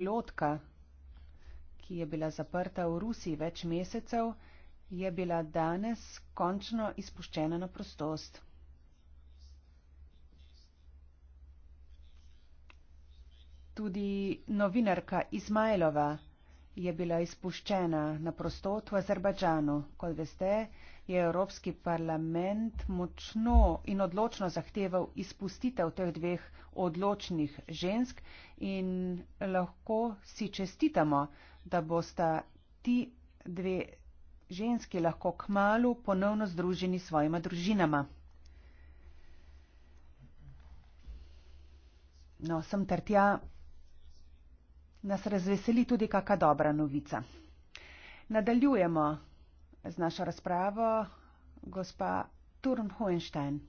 Lotka, ki je bila zaprta v Rusi več mesecev, je bila danes končno izpuščena na prostost. Tudi novinarka Izmajlova, je bila izpuščena na prostot v Azerbajdžanu. Kot veste, je Evropski parlament močno in odločno zahteval izpustitev teh dveh odločnih žensk in lahko si čestitamo, da bosta ti dve ženski lahko k malu ponovno združeni s svojima družinama. No, sem ter tja nas razveseli tudi kakšna dobra novica. Nadaljujemo z našo razpravo, gospa Turm Hohenstein.